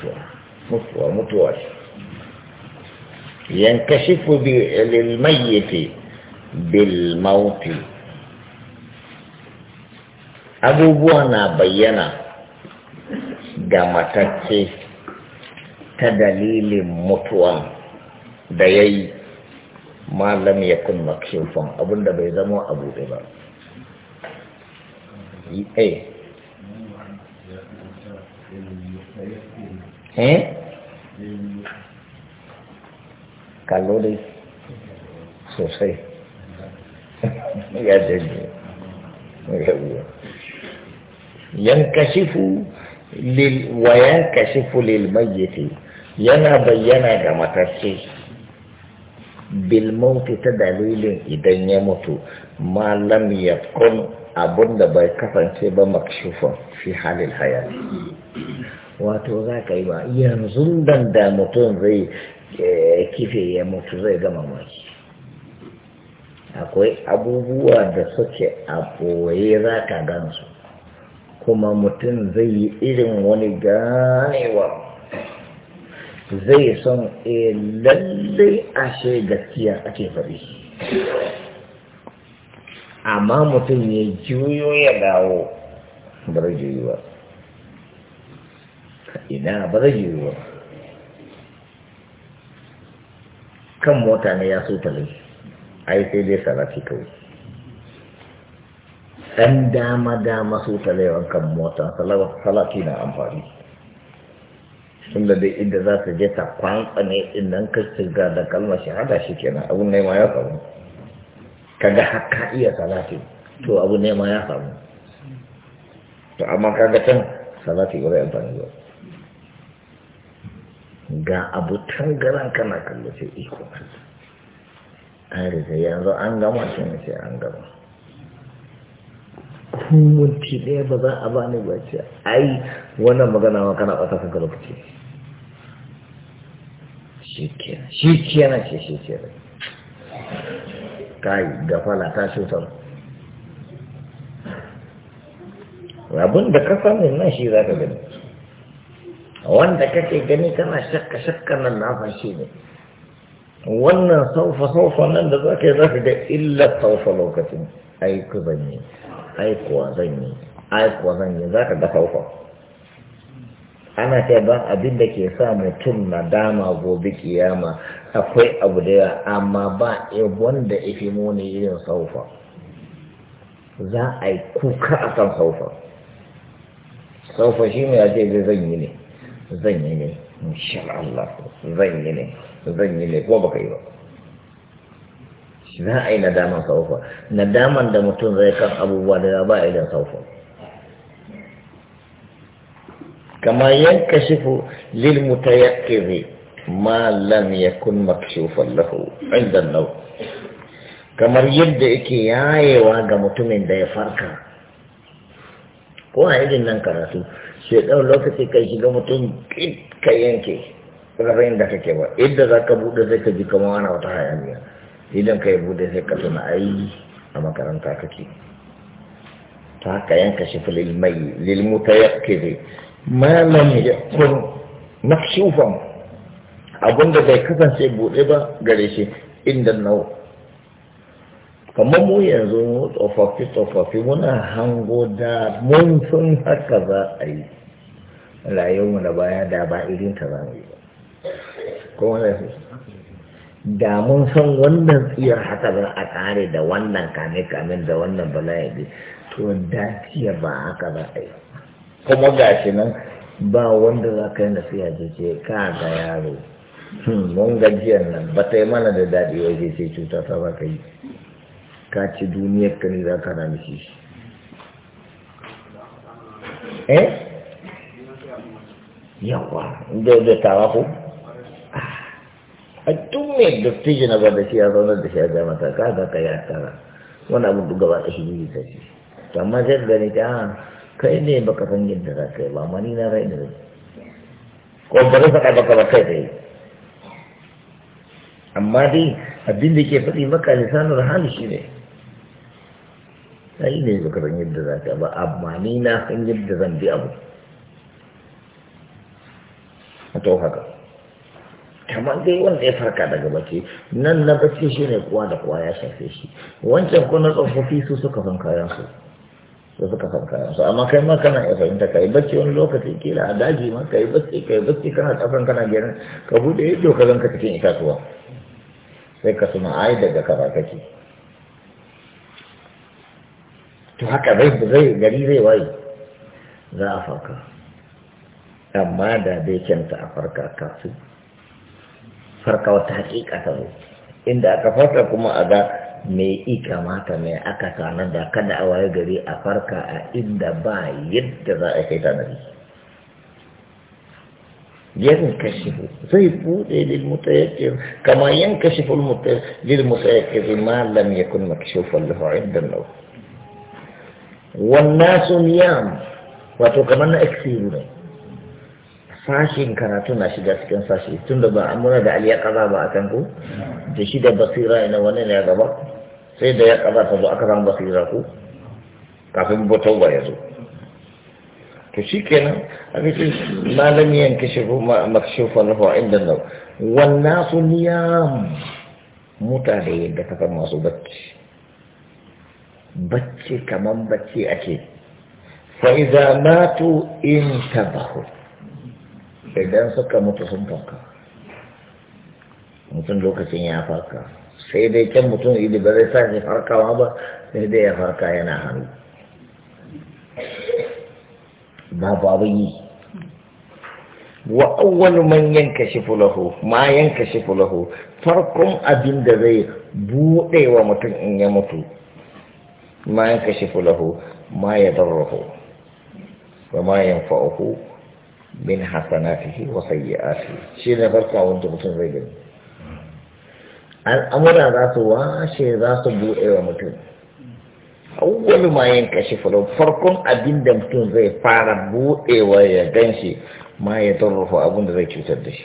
mutuwa mutuwa mutuwa yankashifu bil mauti abubuwa na bayyana ga matacce ta dalilin mutuwa da ya yi malam ya kun makshufan abinda bai zama abu ba. Eh, eh kallo dai sosai ya daji yankashifu wa yankashifu lilmayyiti yana bayyana ga matacce bilmauti ta dalilin idan ya mutu malam ya kun abunda bai kasance ba makshufan fi halin hayati wato za ka yi ba yanzu dan da mutum zai eh, kife ya mutu zai gama maki akwai abubuwa da suke a boye za ka gansu kuma mutum zai yi irin wani ganewa zai son e eh, lallai ashe gaskiya ake faɗi amma mutum ya juyo ya dawo bar juyo ina ba zai yi ba kan mota ne ya so lai ai sai dai salati kawai ɗan dama dama so talewan kan mota salati na amfani tunda dai inda za ta je ta kwantsa ne innan ka shiga da kalmar shahada shi kenan abun ne ma ya samu kaga haka iya salati to abu ne ma ya samu to amma kaga can salati ba zai amfani ba ga abu tangaran kana kallon sai iko an yanzu an gama shi ne sai an gama kumunti ɗaya ba za a ba ba ce ai wannan magana wa kana ɓata kanka lokaci shi kenan shi kiyana ce shi kenan kai gafala ta shutar abin da ka samu nan shi za ka gani wanda kake gani kana shakka shakka nan na shi ne wannan saufa saufa nan da za ka yi za ka ga illar saufa lokacin aiku zan yi aikuwa zan yi aikuwa zan yi za ka ga saufa ana ce ba abin da ke sa mutum na dama gobe kiyama akwai abu da yawa amma ba wanda fi muni irin saufa za a yi kuka a kan saufa saufa shi mai ake zai zan yi ne zan yi ne insha Allah zan yi ne zan yi ne ko baka yi ba za a yi nadaman saufa nadaman da mutum zai kan abubuwa da ba a idan saufa kama yanka shifu lil mutayakkizi ma lam yakun makshufan lahu inda nau kamar yadda yake yayewa ga mutumin da ya farka ko a irin nan karatu sai ɗan lokaci kai shiga mutum ka yanke rabin da kake ba idan za ka buɗe sai ka ji kama wani wata hayaniya idan ka yi buɗe sai ka tuna yi a makaranta kake ta haka yanka shi fi lilmai yi ya zai malam ya kun nafshufan abinda bai kasance buɗe ba gare shi inda nau kamar mu yanzu mu tsofaffi tsofaffi muna hango da mun sun haka za a yi rayuwarmu da baya da ba irin ta zamu yi ba ko wanda da mun san wannan tsiyar haka za a kare da wannan kame kamin da wannan bala'i bi to da tsiyar ba haka za a yi kuma ga shi nan ba wanda za ka yi na ce ce ka ga yaro hmm, mun gajiyar nan ba ta yi mana da daɗi waje ce cuta ta ba ka yi ka ci duniyar ka ne za ka rami shi eh yawa inda yadda tawa ko a ah, duk mai dattijo na ba da shi a zaunar da shi a zama ta ka ga ka ya tara wani abu duk gaba da shi ne ta ce to amma sai gani ta ah, kai ne baka san yadda za ka yi ba mani ni na rai da rai ko ba zai faɗa baka ba kai da yi amma dai abin da ke faɗi maka lisanul hali shi ne sai ne baka san yadda za ta ba amma ni na san yadda zan bi abu to haka kamar dai wanda ya farka daga bacci nan na bacci shi ne kuwa da kuwa ya shafe shi wancan ko na tsofaffi su suka san kayan su su suka san kayan su amma kai ma kana iya fahimta kai bacci wani lokaci kila a daji ma kai bacci kai bacci kana tsafan kana gyaran ka bude ido ka zanka cikin itatuwa sai ka suna ai daga kaza kake to haka zai zai gari zai waye za a farka amma da bai kenta a farka kafin farka wata hakika ta zo inda aka farka kuma a ga me kamata me aka sanar da kada a waye gari a farka a inda ba yadda za a kai tanadi yan kashifu zai bude lil mutayakkir kama yan kashifu lil mutayakkir ma lam yakun makshufan lahu inda nawm wannan niyam wato kamar na eksiru ne sashin karatu na shiga cikin sashe. tun da ba amuna da aliya kaza ba a kan ku da shi da basira ina wani ne gaba sai da ya kaza ta zo aka samu basira ku kafin bautar ba ya zo to shi kenan aka ce malami a shigo falafa a inda nau wannan niyam mutane yadda masu bacci bacci kaman bacci ake fa'iza matu in tabahu idan suka mutu sun fanka mutum lokacin ya farka sai dai kan mutum idi ba zai sa shi farkawa ba sai dai ya farka yana hannu babu abin yi wa awwal man yankashifu lahu ma yankashifu lahu farkon abin da zai bude wa mutum in ya mutu ما ينكشف له ما يضره وما ينفعه من حسناته وسيئاته شيء نفرقه وانت متن رجل الأمر ذات واشي ذات بوئي ومتن awwalu ma yankashifu lahu farkon abin da mutum zai fara buɗewa ya ganshi ma ya tarrafa abin da zai cutar da shi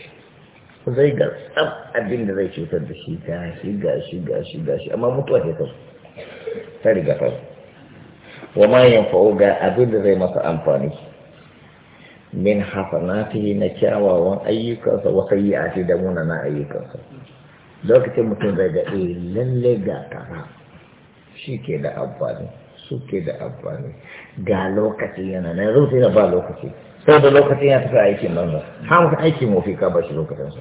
zai ga tsab abin da zai cutar da shi gashi gashi gashi gashi amma mutuwa ke ta riga ta wa ma fa'o ga abin da zai masa amfani min hasanatihi na kyawawan ayyukansa wa sayyi'ati da munana ayyukansa lokacin mutum zai ga eh lalle ga tara shi ke da amfani su ke da amfani ga lokaci yana na yanzu sai da ba lokaci sai da lokacin ya tafi aikin banza har mutum aikin mafi ka ba shi lokacinsa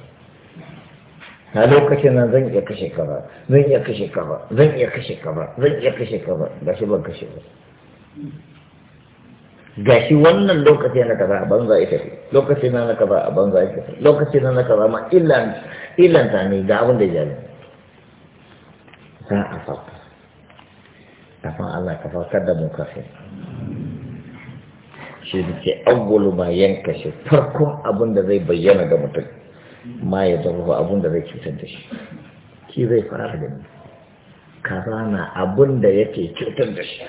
a lokacin nan zan iya kashe ka ba zan iya kashe ka ba zan iya kashe ka ba zan iya kashe ka ba ga shi ban kashe ba ga shi wannan lokaci na kaza a banza ita ce lokaci na na kaza a banza ita ce lokaci na na kaza ma illan illan ta ne ga abin da ne za a fata kafin Allah ka farkar da mu kafe shi da ke abubuwa ma yanka shi farkon abin da zai bayyana ga mutum ma ya zama abun da zai cutar da shi Ki zai fara da ni kaza na abun da yake cutar da shi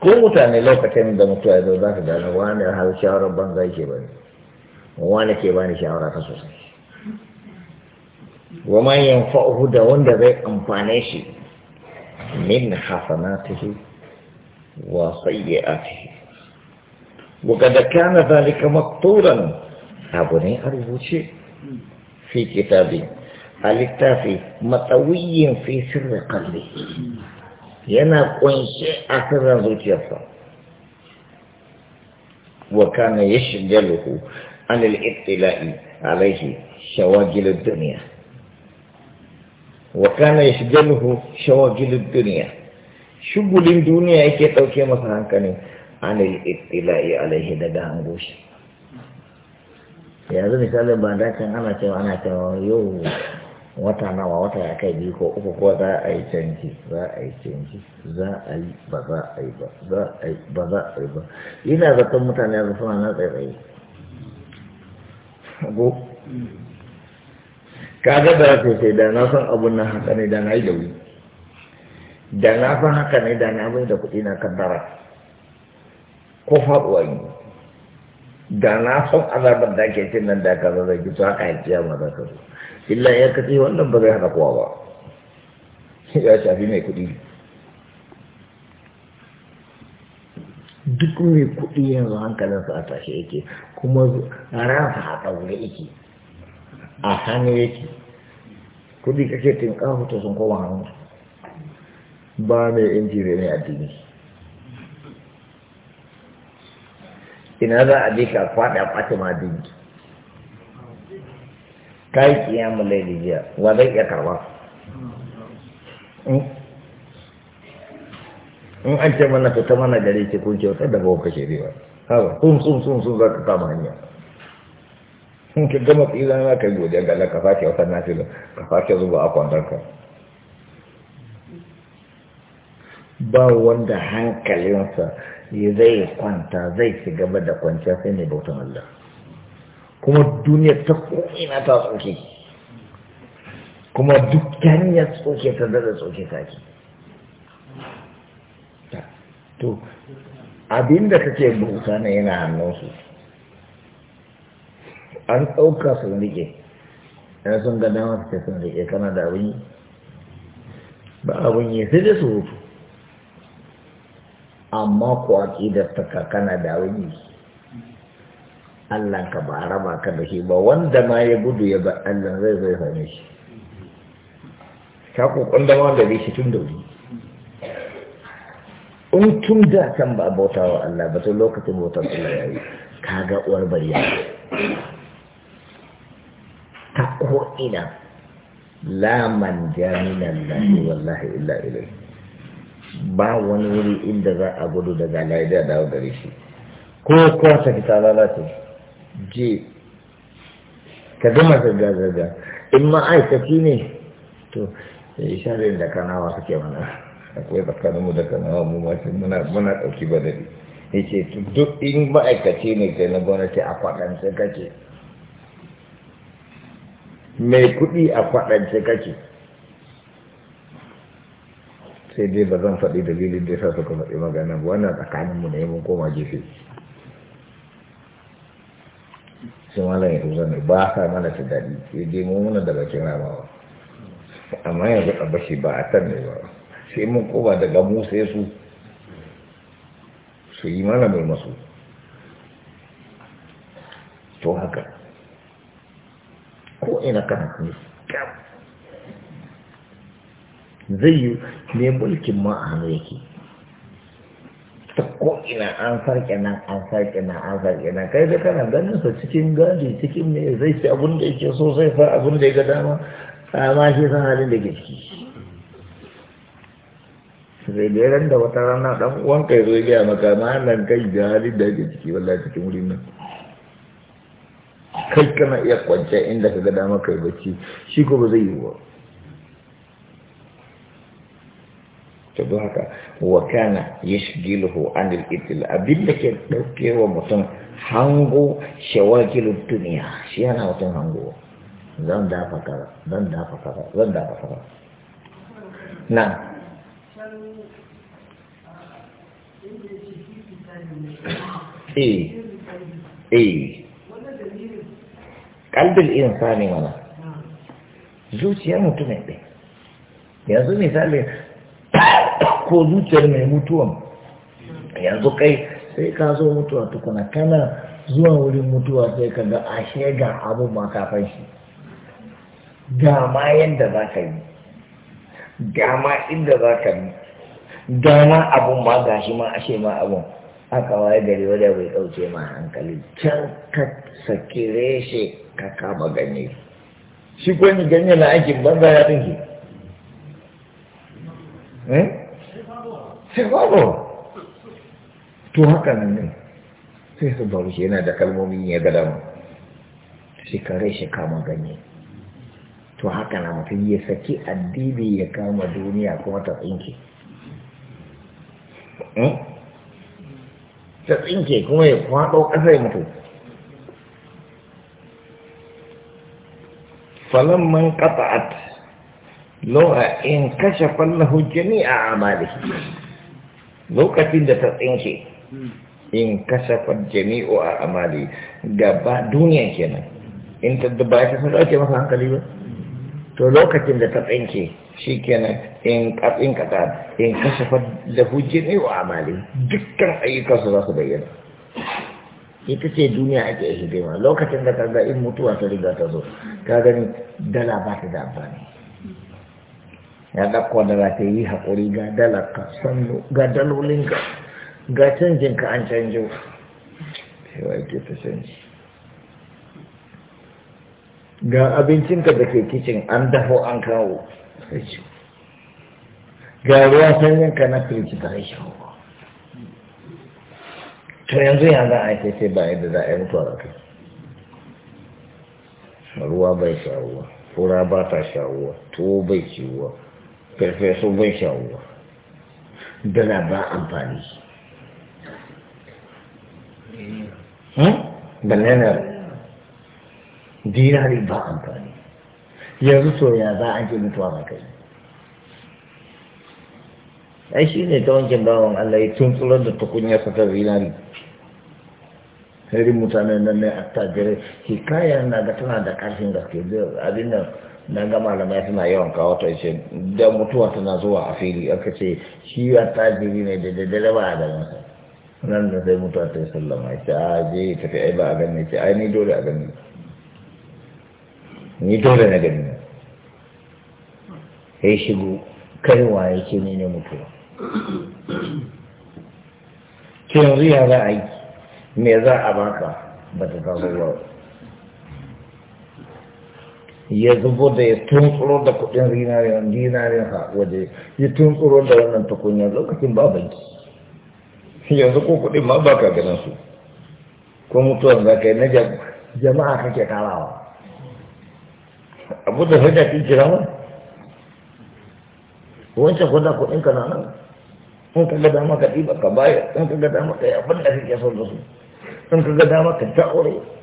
ko mutane lokacin da mutu ya zo za ka gano wani har shawarar banza yake ba ne wani ke bani shawara ta sosai wa man fa'uhu da wanda zai amfane shi min hasanatihi wa sayyi'atihi wa kad kana dhalika abu ne a rubuce fi kitabi a littafi matsawiyin fi sirri kalli yana kunshe a sirrin zuciyarsa wa kana yashghaluhu an al-ittila'i alayhi shawagil ad-dunya wa kana yashghaluhu shawagil ad-dunya shugulin duniya yake ɗauke masa hankali an al-ittila'i alayhi daga hangoshi yanzu misalin ba da kan ana cewa ana cewa yau wata nawa wata ya kai biyu ko uku ko za a yi canji za a yi canji za a yi ba za a yi ba za a yi ba za a yi ba ina zaton mutane yanzu suna na tsaye go kaga da su sai da na san abun nan haka ne da na yi da wuri da na san haka ne da na bai da kuɗi na kaddara ko faɗuwa yi da na son azabar da ake cin nan da ka zo zai fito haka yi ciyar maza ka zo illa ya kace wannan ba zai hana kowa ba ya shafi mai kuɗi duk mai kuɗi yanzu su a tashi yake kuma ransa a ɗaure yake a hannu yake kuɗi kake tinka hutu sun koma hannu ba mai inji mai addini ina za a je ka a ɓata ma dinki ka yi kiyamun laili jiya wa zai iya karɓa hmm? in an ce mana fita mana gari ce kun kyauta daga wanka kuka shirya haka sun sun sun sun za ka kama hanya in ka gama tsira na ka yi wajen gala ka fashe wata na filo ka fashe zuba a kwandarka ba wanda hankalinsa sai zai kwanta zai ci gaba da kwanciya sai mai bautan Allah kuma duniya ta ina ta tsoke kuma duk ya tsoke ta zada tsoke ta ke to abinda kake bauta na yana hannunsu an ɗauka sun rike ya sun gada masu su sun rike kana da abin yi ba abin yi sai dai su hutu amma ku aƙidarta ka kana da wani Allah ka ba raba ka da shi ba wanda ma ya gudu ya ba Allah zai zai same shi ka kokon wanda zai shi tun da wuri in tun da kan ba bauta wa Allah ba tun lokacin bautar Allah ya yi ka ga uwar bariya ta ko'ina laman jaminan lahi wallahi illa ilai ba wani wuri inda za a gudu daga laida da gare shi ko kwasa ta. lalata ji ka gama zirga ga in ma ma'aikaci ne to eh, sharin da kanawa suke mana akwai tsakanin mu da kanawa mu mace muna muna ɗauki ba daɗi ya ce duk in ma'aikaci ne kai na gwamnati a kwaɗance kake mai kuɗi a kwaɗance kake sai dai ba zan faɗi dalilin da ya sa suka faɗi magana ba wannan tsakaninmu ne mun koma gefe sai malam ya ruzo ne ba sa mana ta daɗi sai dai mu muna da bakin ramawa amma yanzu a bashi ba a can ne ba sai mun koma daga mu sai su su yi mana mai masu to haka ko ina kan ne zai yi ne mulkin ma a hannu yake ta ko'ina an sarƙe nan an sarƙe nan an sarƙe nan kai da kana ganin sa cikin gadi cikin mai zai ci abin da yake so sai fa abin da ya ga dama amma shi san halin da ke ciki sai da ran da wata rana dan uwan kai zo ya maka ma nan kai da halin da yake ciki wallahi cikin wurin nan kai kana iya kwance inda ka ga dama kai bacci shi ko ba zai yi ba to haka wa kana yashgiluhu anil itil abinda ke dauke wa mutum hango shawagilud duniya shi yana mutum hango zan dafa kaza zan dafa kaza zan dafa kaza na eh eh kalbin insani mana zuciyar mutum ne yanzu misali ko zuciyar mai mutuwan yanzu kai sai ka zo mutuwa tukuna kana zuwa wurin mutuwa sai ka ga ashe ga abu ma kafin shi ga ma yadda za ka yi ga ma inda za ka yi ga ma ma ga shi ma ashe ma abun aka waye gari wadda bai ɗauke ma hankali can ka saki reshe ka kama ganye shi kwanye ganye na aikin banza ya ɗinke eh? sai to haka nan ne sai su baro shi yana da kalmomin ya ga damu shekarai shi kama ganye to haka na mutum ya saki addini ya kama duniya kuma ta tsinke eh? ta tsinke kuma ya kwaɗo ƙasa ya mutu falon man ƙata'at lo'a in kashe fallahu a amalihi lokacin da ta tsinke in kasafar jami'u a amali gaba duniya kenan in ta ba ya kasar dauke masa hankali ba to lokacin da ta tsinke shi kenan in katsin kata in kasafar da hujjini a amali dukkan ayyukansu za su bayyana ita ce duniya ake hidima lokacin da ta in mutuwa ta riga ta zo ka gani dala ba ta da amfani ya ɗauko da za ta yi haƙuri ga dalarka sannu ga dalolinka ga canjinka an canjo cewa yake ta canji ga abincinka da ke kicin an dafo an kawo sai ga ruwan sanyinka na firji ta shi to yanzu ya za a ke ce ba yadda za a yi mutuwa da kai ruwa bai sha ruwa fura ba ta sha to bai ci sun bai shawuwa dana ba amfani hmm? bananar dinari ba amfani yanzu soya za a ce mutuwa ba kai ai shi ne ta wancan bawon Allah ya tuntsular da tukunya sa ta zinari harin mutane nan ne a attajirai hikaya na ga tana da ƙarfin gaske abin nan na ga malamai suna yawan kawo ta ce da mutuwa tana zuwa a fili aka ce shi ya tajiri ne da daidai ba a da masa nan da sai mutuwa ta yi sallama ya ce a je ya tafi ai ba a gani ce ai ni dole a gani ni dole na gani ya shigo kaiwa ya ce ni ne mutuwa ce yanzu ya za a yi me za a baka ba ta kawo ba ya zubo da ya tuntsuro da kudin dinarin ha waje ya tuntsuro da wannan tukunyar lokacin ba banki yanzu ko kudin ma ba ka ganin su ko mutuwan za ka yi na jama'a kake karawa abu da hujja kin kira ma wancan kuda kudin ka na nan in ka ga dama ka ɗiba ka bayar in ka ga dama ka yi abin da kake son da su in ka ga dama ka ta aure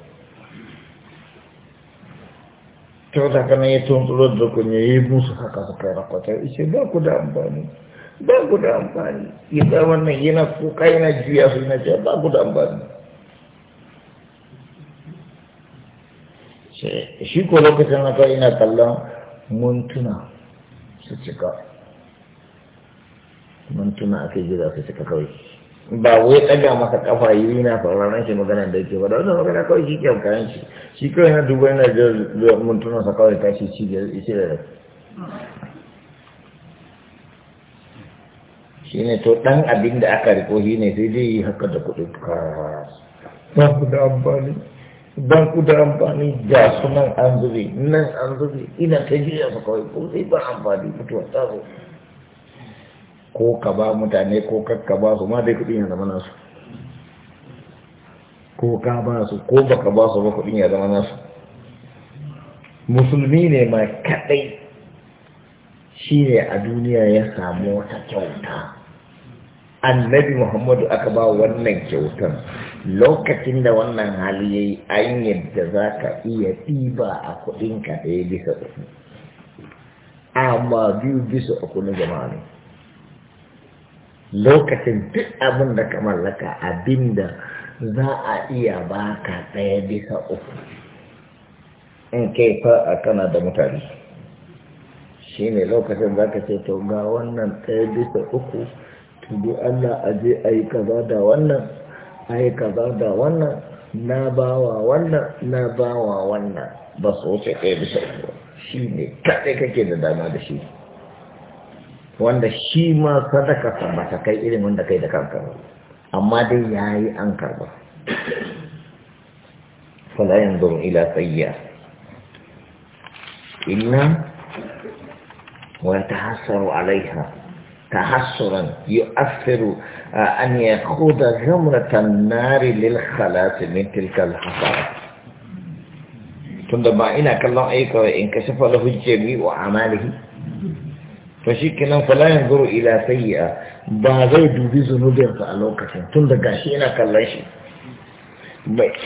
to sakanan ya tuntulo da kun yi musu haka su kai rakwata ishe ba ku da amfani ba ku da amfani yadda wannan yana kuka yana juya su yana ce ba ku da amfani shi ko lokacin na kawai yana kallon muntuna su cika muntuna ake jira su cika kawai ba wai tsaga maka kafa yi na sauraron shi magana da yake ba da wannan magana kawai shi ke kayan shi shi kawai na duba yana da mutuna sa kawai tashi ci da ishe da shi ne to dan abin da aka riko shi ne sai dai haka da kuɗi ka ba ku da amfani ba ku da amfani ga su nan an zube nan an zube ina ta jiya su kawai ko sai ba amfani mutuwa ta zo ko ka ba mutane ko kakka ba su ma dai kudin ya zama nasu ko ka ba su ko baka ba su ba kudin ya zama nasu musulmi ne ma kadai shi ne a duniya ya samu wata kyauta annabi muhammadu aka ba wannan kyautar lokacin da wannan hali ya yi an yadda za ka iya ɗiba a kudinka ɗaya bisa uku amma biyu bisa uku na jama'a ne lokacin duk abin da ka mallaka abin da za a iya baka ɗaya bisa uku in kai fa a kana da mutane shi ne lokacin za ka ce to ga wannan ɗaya bisa uku tudu Allah a je a yi kaza da wannan a yi kaza da wannan na bawa wannan na bawa wannan ba su wuce ɗaya bisa uku shi ne kaɗai kake da dama da shi wanda shi ma sadaka ba ta kai irin wanda kai da kanka ba amma dai yayi an karba fala yanzuru ila sayya inna wa tahassaru alaiha tahassuran yu'athiru an yakhudha ghamratan nari lil khalas min tilka al hasara tunda ba ina kallon aika in kashafa lahu jami'u amalihi فشيكنا فلا ينظر إلى سيئة بعضي دودي ذنوبين فألوكة تند قاشينا كالليش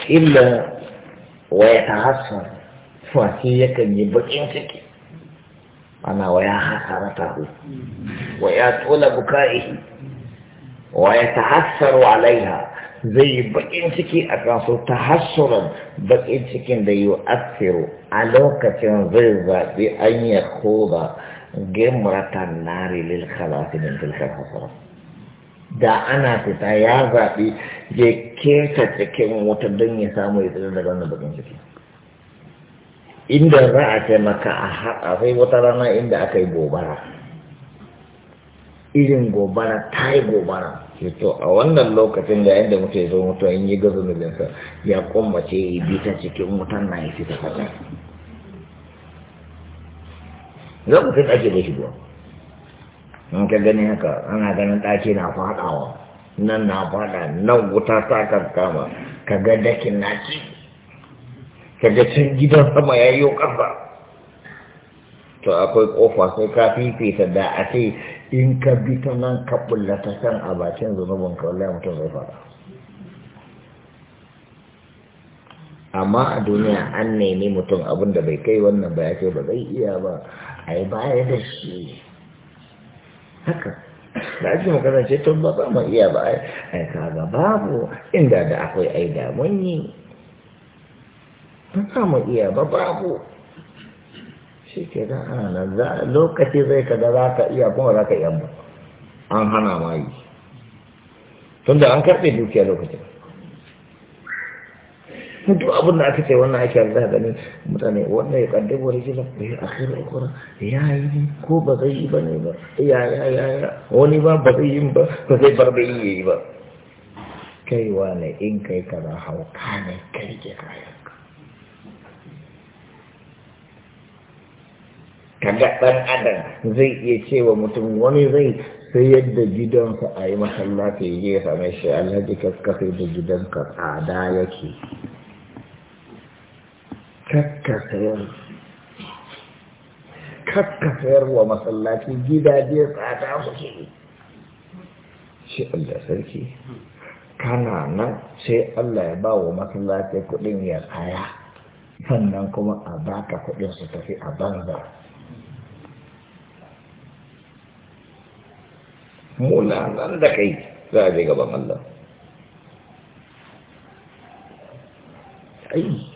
إلا ويتعصر فاسية كان يبقين سكي أنا ويا خسرته ويا طول بكائه ويتحسر عليها زي بقين سكي أكاسو تحسرا بقين سكي ده يؤثر علاقة زي أن يخوض gemratan nari lil khalasi min tilka hasara da ana fita ya zaɓi je kesa cikin wata don ya samu ya tsira daga wannan bakin ciki inda za a ce maka a haɗa sai wata rana inda aka yi gobara irin gobara ta yi gobara to a wannan lokacin da yadda mutu ya zo mutu in yi gazo milinsa ya ce ya bi ta cikin wutan na ya fita fata fi ake da shigo in ka gani haka ana ganin ɗaki na faɗawa nan na faɗa nan wuta ta kama ka ga dakin na ci ka ga cin gidan sama ya yi ƙasa to akwai ƙofa sai ka fifita da a ce in ka bi ta nan ka ɓulla ta kan a bakin zunubin ka wallahi mutum zai faɗa amma a duniya an nemi mutum abin da bai kai wannan ba ya ce ba zai iya ba ai baya da shi haka da ake magana ce tun ba mu iya ba ai kaga babu inda da akwai ai da mun yi ba mu iya ba babu shi ke da ana nan lokaci zai kaga za ka iya kuma za ka iya ba an hana ma yi tun da an karɓe dukiya lokacin duk abin da aka ce wannan ake yarda da ne mutane wannan ya kaddabu wani gina ya eh, akhir ukura ya yi ko ba zai yi ba ne ba ya ya ya ya wani ba ba zai yi ba ba zai bar da yi ba kai wane in kai kaza hauka ne kai ke kayan kaga ɗan adam zai iya cewa mutum wani zai sai yadda gidansa a yi masallaci ya yi ya same shi alhaji kaskasai da gidanka tsada yake kakka sayar wa masallaci gidaje tsada suke shi Allah sarki kana nan sai Allah ya ba wa masallaci kuɗin ya kaya sannan kuma a baka kuɗin su tafi a banza muna nan da kai za a je gaban Allah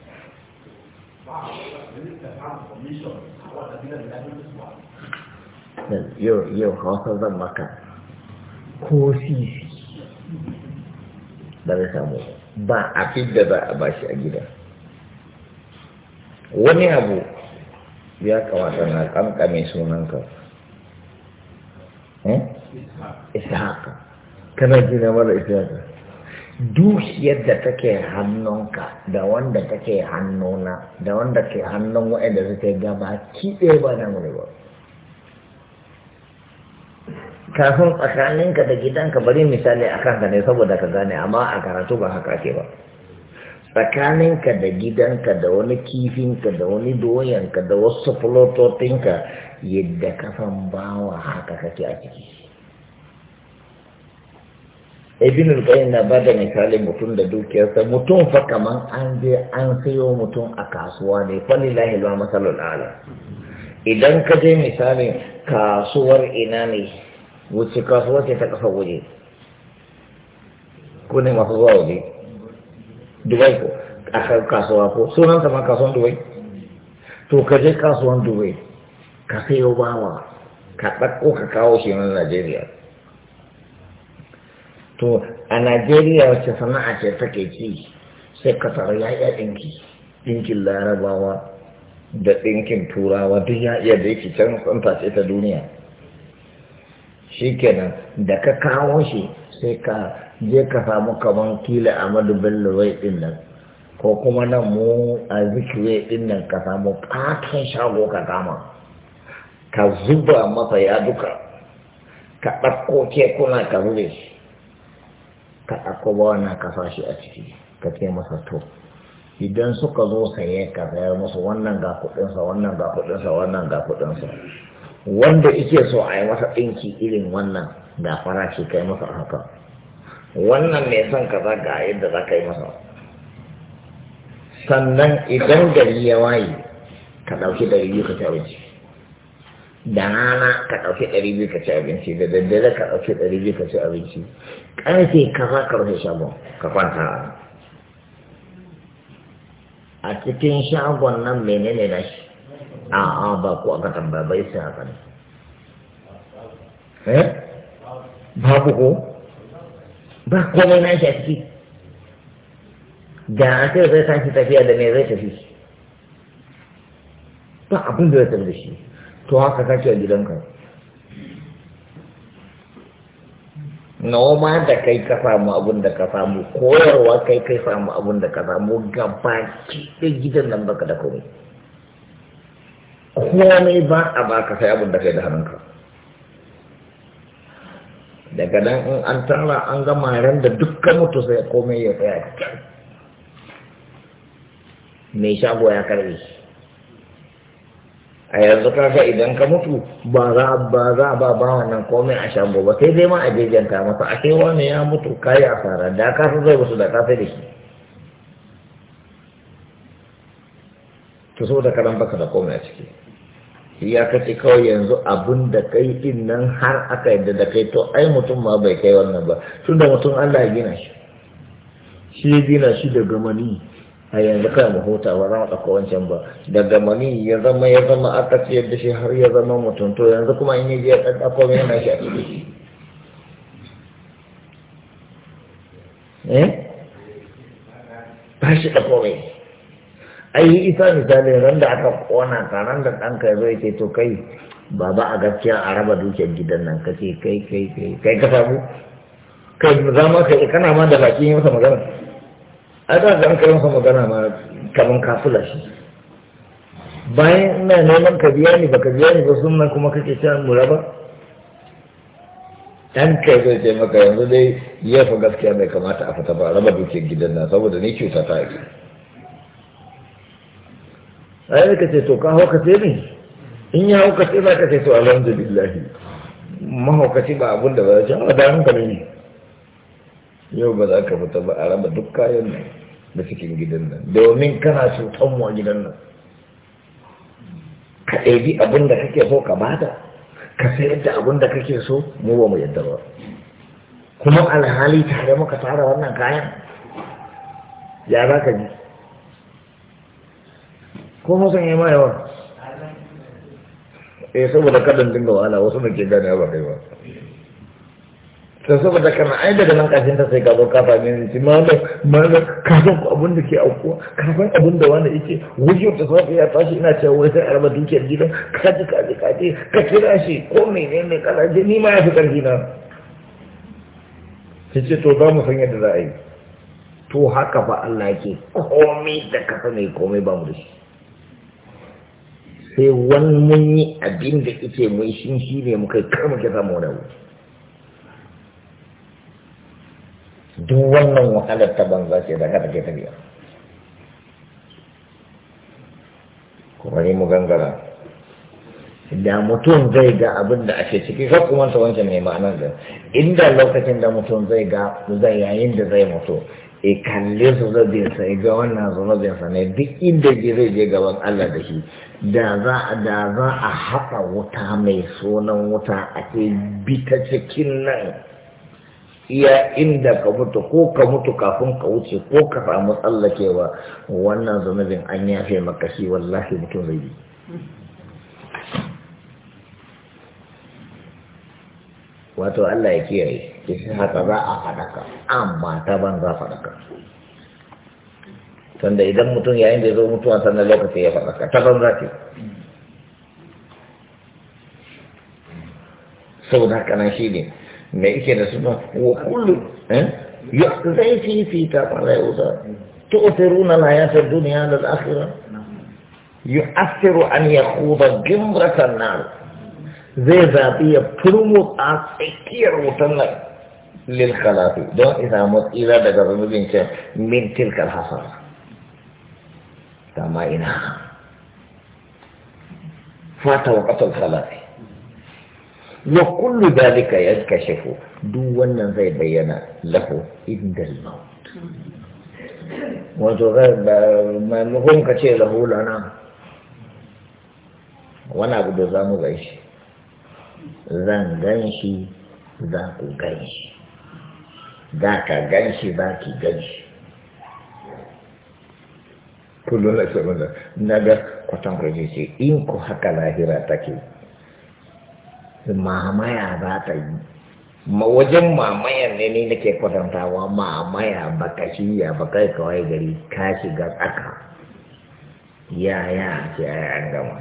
yau hausa zan maka ko sisi ba zai ba a gida wani abu ya kamata sunanka hmm? isa haka kana gina mara isa haka dukiyar yadda take hannunka da wanda take hannuna da wanda ke hannun waɗanda suke gaba kiɗe ba na wuri ba kafin tsakaninka da gidanka bari misali a kanka ne saboda ka gane amma a karatu ba haka ke ba tsakaninka da gidanka da wani kifinka da wani doyanka da wasu flototinka yadda kafan bawa haka kake a ciki ibn al-qayyim na da misali mutum da dukiyarsa mutum fa kaman an je an sayo mutum a kasuwa ne fa lillahi wa masalul ala idan ka je misalin kasuwar ina ne wuce kasuwar ce ta kafa waje ko ne masu zuwa waje dubai ko a kasuwa ko sunan ma kasuwar dubai to ka je kasuwan dubai ka sayo bawa ka ɗakko ka kawo shi nan najeriya to a najeriya wacce sana'a ce take ci sai ka tsara ya iya ɗinki ɗinkin larabawa da ɗinkin turawa duk ya iya da yake can ce ta duniya shi kenan da ka kawo shi sai ka je ka samu kamar kila amadu bello wai ɗin nan ko kuma nan mu a zikiwe ɗin nan ka samu ƙaton shago ka kama ka zuba masa ya duka ka ɗauko kekuna ka zube shi ka akwaba ba wannan ka shi a ciki ka ce masa to idan suka zo saye ka sayar musu wannan ga kuɗinsa wannan ga kuɗinsa wannan ga kuɗinsa wanda ike so a yi masa ɗinki irin wannan da farashi kai masa haka wannan mai son ka za ga yadda za ka yi masa sannan idan gari ya waye ka ɗauki ɗari biyu ka ci abinci da rana ka ɗauki ɗari biyu ka ci abinci da daddare ka ɗauki ɗari biyu ka ci abinci ƙarfe ka za ka rufe shagon ka kwanta a cikin shagon nan menene na shi a'a ba ko aka tambaya bai sai haka ne eh babu ko ba komai na shi a ciki da a sai zai tashi tafiya da me zai tafi ba abin da zai tafi da shi to haka kake a gidanka noma da kai ka samu abin da ka samu koyarwa kai kai samu abin da ka samu gaba da gidan nan baka da komai komai ba a baka sai abin da kai da hannunka daga nan in an tara an gama ran da dukkan mutu sai komai ya tsaya mai shago ya karbe a yanzu kaga idan ka mutu ba za ba za ba ba wannan komai a shan ba. sai dai ma a jejanta masa a kai wani ya mutu kai fara da ka san zai musu da ka sai da shi to da karan baka da komai a ciki ya kace kawai yanzu abun da kai din nan har aka yadda da kai to ai mutum ma bai kai wannan ba tunda mutum Allah ya gina shi shi ya gina shi daga mani har yanzu kai mu huta ba za mu ɗauko wancan ba daga mani ya zama ya zama aka ciyar da shi har ya zama mutum to yanzu kuma in yi ya ɗaɗɗako mai yana shi a ciki eh ba shi ɗauko mai ai isa misali ran da aka ƙona ta ran da ɗanka ya zo ya ce to kai baba a gaskiya a raba dukiyar gidan nan ce kai kai kai kai ka samu kai zama kai kana ma da baki yi masa magana a da ga hankalin sa magana ma kaman kafula shi bayan ina neman ka biya ni baka biya ni ba sunan kuma kake cewa mu raba dan kai zai ce maka yanzu dai ya fa gaskiya mai kamata a fita ba raba duke gidan nan saboda ni cuta ta ake sai da kace to ka hauka ce ni in ya hauka ce za ka ce to alhamdulillah mahaukaci ba abun da ba ya ce ah, a da hankali ne yau ba za ka fita ba a raba duk kayan nan da cikin gidan nan domin kana cutan mu a gidan nan ka ɗabi abin da kake so ka bada ka sayar da abin da kake so mu ba mu yadda ba kuma alhali tare muka tara wannan kayan ya za ka ji ko musan yi ma yawa eh saboda kadan dinga wahala wasu da ke gane ba kai ba ta saboda kana ai daga nan kashin ta sai ka zo ne same ni ci malam malam ka san ku abin da ke aukuwa ka san abin da wani yake wuce ta safi ya tashi ina cewa wai sai araba dukiyar gidan ka ji ka ji ka ji ka kira shi ko menene kana je ni ma ya fi karfi na ta ce to za mu san yadda za a yi to haka ba Allah ke komai da ka sani komai ba mu da shi sai wani mun yi abin da yake mun shi ne muka kar muke samu wani abu duk wannan wahalar ta banza ce da kada ta tafiya kuma ne mu gangara da mutum zai ga abin da ake ciki ka kuma ta wancan mai ma'anar da inda lokacin da mutum zai ga zai yayin da zai mutu e kalle su zabin sa e ga wannan zabin sa ne duk inda je zai je gaban Allah da shi da za a da za a haɗa wuta mai sunan wuta a ce bi ta cikin nan iya inda ka mutu ko ka mutu kafin ka wuce ko ka samu tsallakewa wannan zunubin an yafe maka shi wallahi mutum zai yi wato Allah ya kiyaye shi haka za a faɗaka amma ta ban za faɗaka tunda idan mutum yayin da zo mutuwa sannan lokaci ya faɗaka ta ban za ce sau da haka shi ne me yake da suna wa kullu ya zai تؤثرون الحياة الدنيا على الآخرة يؤثر أن يخوض جمرة النار زي ذاتية ترمض أسكير وتنك للخلاف دون إذا مت إلى دقر من تلك الحصرة تمائنا فاتوا قتل وقت wa kullu dalika yankashifu duk wannan zai bayyana lahu inda al-maut wato eh, maimakon ka ce lahu lana wani abu da zamu mu shi zan gan shi za ku gan shi za ka gan shi za ki gan shi kullum na shi da na ga kwatan ce in ku haka lahira take mamaya za ta yi wajen mamaya ne ne nake kwatantawa mamaya baka shiya baka kawai gari ka shiga tsaka yaya ce ai an gama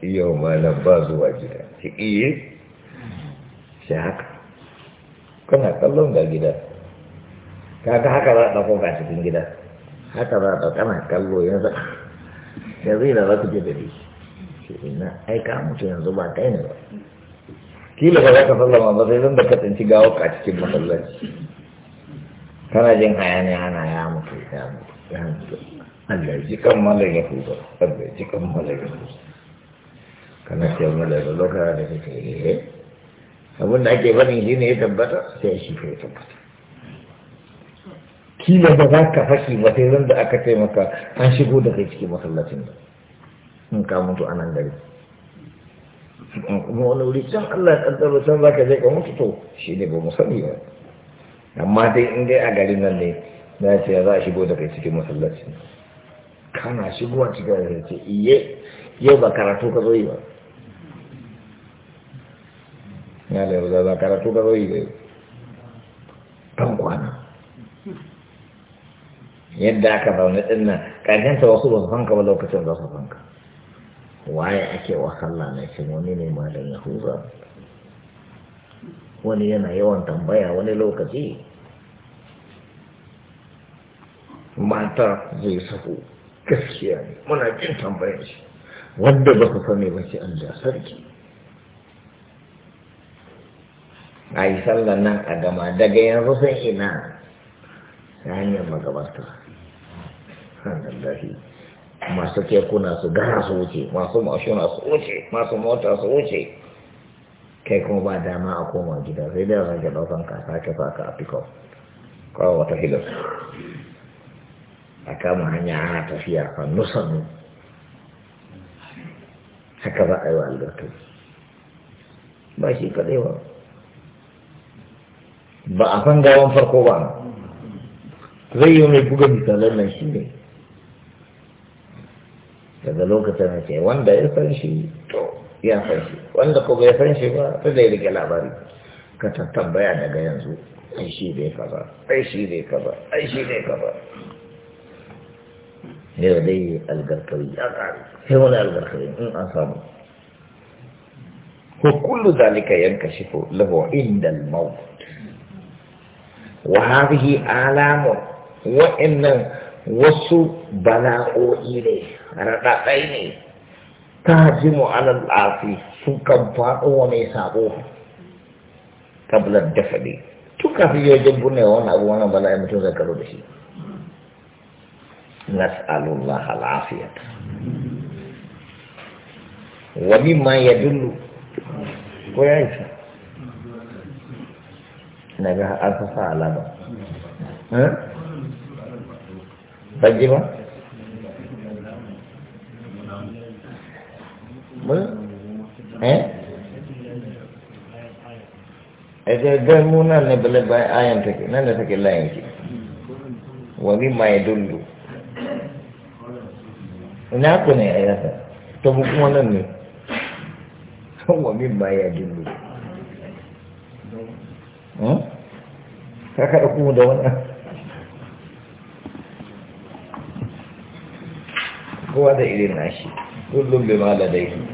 yau ma na ba zuwa gida ki iye shi haka kana kallon ga gida kaga haka za a ɗauko ga cikin gida haka za a ɗauka na kallo yanzu yanzu yana za ku je da shi ce ina ai ka mutu yanzu ba kai ne ba kila ba za ka sallama ba sai zan da ka tsinci gawo a cikin masallaci kana jin hayani ana ya mutu ya mutu ya mutu Allah ji kan malar ya fuka Allah ji kan malar ya fuka kana ce malar da lokara da kake eh abin da ake fadin shi ne ya tabbata sai shi ya tabbata kila ba za ka fashi ba sai zan da aka taimaka an shigo da kai cikin masallacin ba. in ka mutu a nan gari wani wuri can Allah ya kaddara san zaka je ka mutu to shi ne ba mu sani ba amma dai in dai a garin nan ne na ce za a shigo da kai cikin masallaci kana a cikin masallaci iye yau ba karatu ka zo yi ba ya da yau za karatu ka zo yi ba kan kwana yadda aka zaune ɗin nan ƙarshen ta wasu ba su fanka ba lokacin za su fanka waye ake wa sallah ne shi wani ne malam yahuza wani yana yawan tambaya wani lokaci mata zai sahu gaskiya ne muna jin tambayar shi wadda ba ku sani ba ce an da sarki a yi sallan nan a gama daga yanzu sai ina ta hanyar magabata. Alhamdulillah. masu kekuna su gara su wuce masu mashina su wuce masu mota su wuce kai kuma ba dama a koma gida sai dai zan ke daukan ka sake saka a pikop kawo wata hilas a kama hanya ana tafiya a nusan haka za a yi wa albertu ba shi kadai ba ba a san gawan farko ba zai yi mai buga misalan nan shi ne daga lokacin da wanda ya san shi to ya san shi wanda ko ya san shi ba ta zai rike labari ka tabbaya daga yanzu ai shi zai kaza ai shi zai kaza ai shi zai ne yau dai algarkawi ya ƙari sai wani algarkawi in an samu ko kullu zalika yanka shi ko lahu inda al-maut wa hadhihi alamu wa innan wasu bala'o'i ne raɗaɗai ne ta ji mu'alar afi su kan faɗo wa mai sabo kablar dafaɗe tun kafin yau jabbu ne wani abu wani bala'i mutum zai karo da shi nas'alullah al'afiyat wa mimma yadullu ko ya yi na ga alfafa alama hm? ban ji ba eh ga eh, muna ne bala bai ayan take nan da take layin ki wani mai dundu ina ku ne a yasa to mu kuma nan ne wani mai ya dullu hmm? ka kada ku da wannan kowa da irin nashi kullum bi ma daiki.